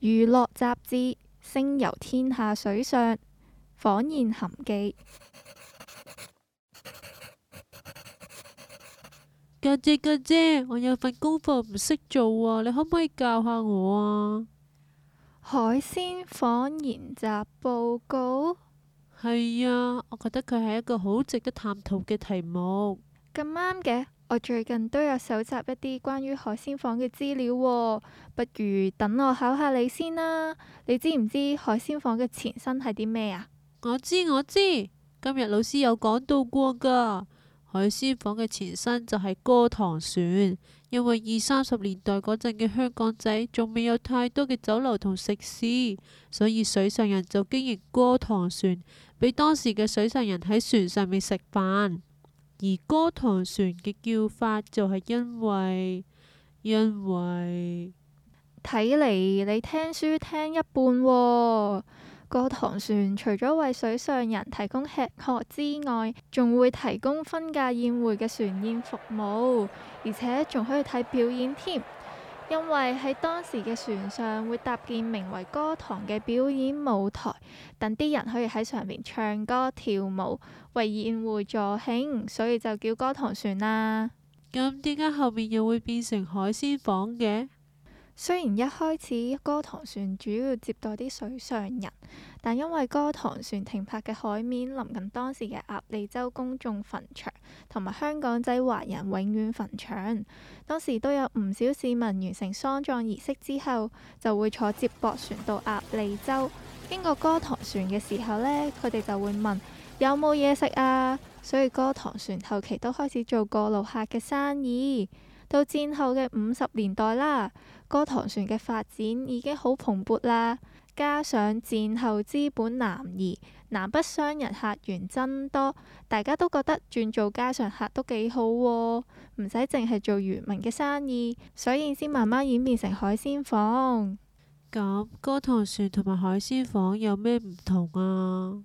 娛樂雜誌《星遊天下》水上舫宴酣記。家姐，姐，家姐，姐，我有份功課唔識做啊，你可唔可以教下我啊？海鮮舫言集報告？係啊，我覺得佢係一個好值得探討嘅題目。咁啱嘅。我最近都有搜集一啲關於海鮮舫嘅資料。哦，喎。不如等我考下你先啦。你知唔知海鮮舫嘅前身係啲咩啊？我知我知，今日老師有講到過噶。海鮮舫嘅前身就係歌堂船，因為二三十年代嗰陣嘅香港仔仲未有太多嘅酒樓同食肆，所以水上人就經營歌堂船，俾當時嘅水上人喺船上面食飯。而歌堂船嘅叫法就係因為，因為。睇嚟你聽書聽一半喎，哦。歌堂船除咗為水上人提供吃喝之外，仲會提供婚嫁宴會嘅船宴服務，而且仲可以睇表演添。因為喺當時嘅船上會搭建名為歌堂嘅表演舞台，等啲人可以喺上面唱歌跳舞，為宴會助興，所以就叫歌堂船啦。咁點解後面又會變成海鮮舫嘅？雖然一開始歌堂船主要接待啲水上人，但因為歌堂船停泊嘅海面臨近當時嘅鴨脷洲公眾墳場同埋香港仔華人永遠墳場，當時都有唔少市民完成喪葬儀式之後就會坐接駁船到鴨脷洲，經過歌堂船嘅時候呢，佢哋就會問有冇嘢食啊，所以歌堂船後期都開始做過路客嘅生意。到戰後嘅五十年代啦，歌堂船嘅發展已經好蓬勃啦。加上戰後資本南移，南北商人客源增多，大家都覺得轉做家常客都幾好喎，唔使淨係做漁民嘅生意，所以先慢慢演變成海鮮舫。咁歌堂船同埋海鮮舫有咩唔同啊？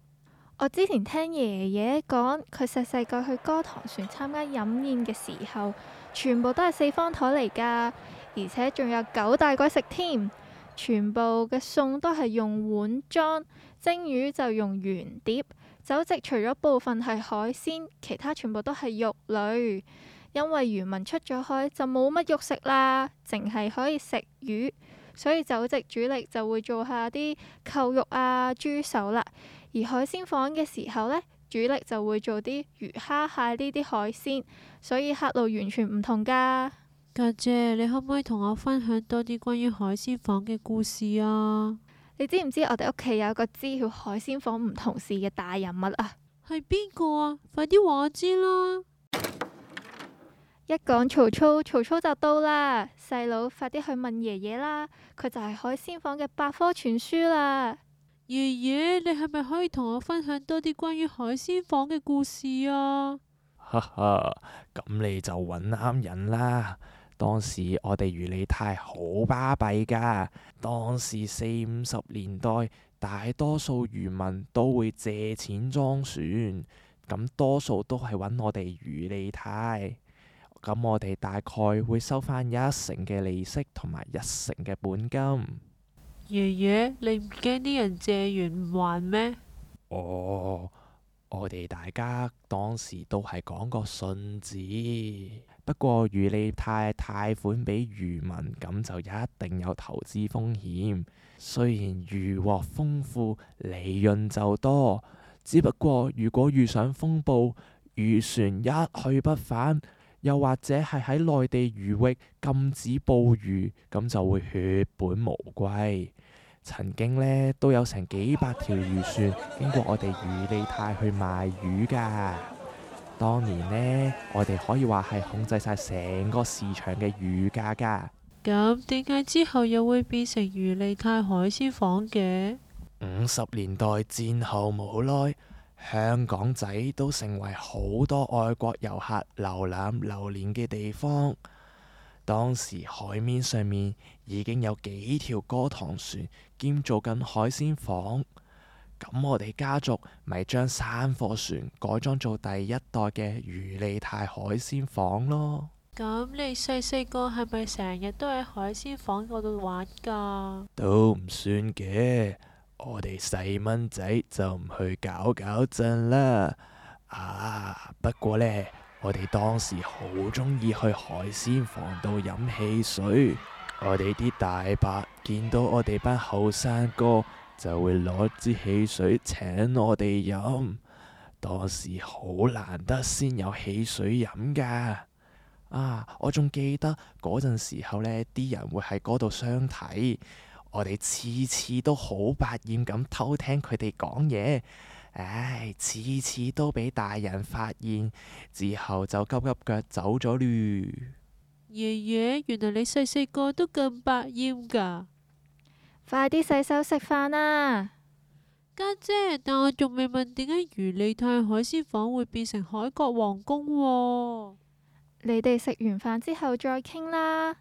我之前聽爺爺講，佢細細個去歌堂船參加飲宴嘅時候，全部都係四方枱嚟㗎，而且仲有九大簋食添。全部嘅餸都係用碗裝，蒸魚就用圓碟，酒席除咗部分係海鮮，其他全部都係肉類。因為漁民出咗海就冇乜肉食啦，淨係可以食魚。所以酒席主力就會做下啲扣肉啊豬手啦，而海鮮舫嘅時候呢，主力就會做啲魚蝦蟹呢啲海鮮。所以客路完全唔同㗎。家姐，姐，你可唔可以同我分享多啲關於海鮮舫嘅故事啊？你知唔知我哋屋企有個知曉海鮮舫唔同事嘅大人物啊？係邊個啊？快啲話我知啦！一講曹操，曹操就到啦。細佬，快啲去問爺爺啦。佢就係海鮮舫嘅百科全書啦。爺爺，你係咪可以同我分享多啲關於海鮮舫嘅故事啊？哈哈，咁你就揾啱人啦。當時我哋漁利泰好巴閉㗎。當時四五十年代，大多數漁民都會借錢裝船，咁多數都係揾我哋漁利泰。咁我哋大概會收返一成嘅利息同埋一成嘅本金。爺爺，你唔驚啲人借完唔還咩？哦，我哋大家當時都係講個信字。不過漁利貸貸款俾漁民咁就一定有投資風險。雖然漁獲豐富，利潤就多。只不過如果遇上風暴，漁船一去不返。又或者係喺內地漁域禁止捕魚，咁就會血本無歸。曾經呢都有成幾百條漁船經過我哋漁利泰去賣魚㗎。當年呢，我哋可以話係控制晒成個市場嘅魚價㗎。咁點解之後又會變成漁利泰海鮮舫嘅？五十年代戰後冇耐。香港仔都成為好多外國遊客瀏覽流連嘅地方。當時海面上面已經有幾條歌塘船兼做緊海鮮房。咁我哋家族咪將三貨船改裝做第一代嘅漁利泰海鮮房咯。咁你細細個係咪成日都喺海鮮房嗰度玩噶？都唔算嘅。我哋細蚊仔就唔去搞搞震啦。啊，不過呢，我哋當時好鍾意去海鮮舫度飲汽水。我哋啲大伯見到我哋班後生哥，就會攞支汽水請我哋飲。當時好難得先有汽水飲㗎。啊，我仲記得嗰陣時候呢，啲人會喺嗰度相睇。我哋次次都好百厭咁偷聽佢哋講嘢，唉，次次都俾大人發現，之後就急急腳走咗。嚕，爺爺，原來你細細個都咁百厭噶，快啲洗手食飯啦，家姐，姐，但我仲未問點解漁利泰海鮮舫會變成海角皇宮啊。你哋食完飯之後再傾啦。